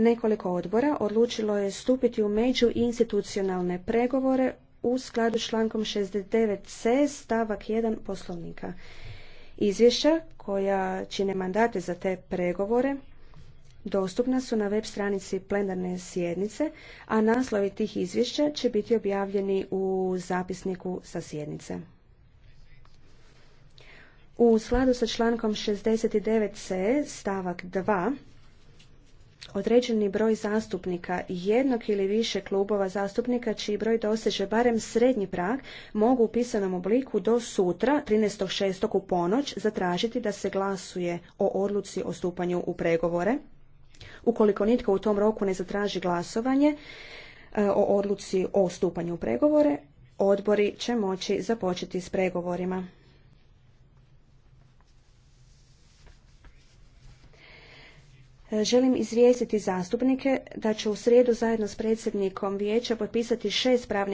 Nekoliko odbora odlučilo je stupiti u međuinstitucionalne pregovore u skladu s člankom 69c stavak 1 poslovnika. Izvješća koja čine mandate za te pregovore dostupna su na web stranici plenarne sjednice, a naslovi tih izvješća će biti objavljeni u zapisniku sa sjednice. U skladu sa člankom 69c stavak 2 određeni broj zastupnika jednog ili više klubova zastupnika čiji broj doseže barem srednji prag mogu u pisanom obliku do sutra 13.6. u ponoć zatražiti da se glasuje o odluci o stupanju u pregovore. Ukoliko nitko u tom roku ne zatraži glasovanje e, o odluci o stupanju u pregovore, odbori će moći započeti s pregovorima. E, želim izvijestiti zastupnike da će u srijedu zajedno s predsjednikom vijeća potpisati šest pravnih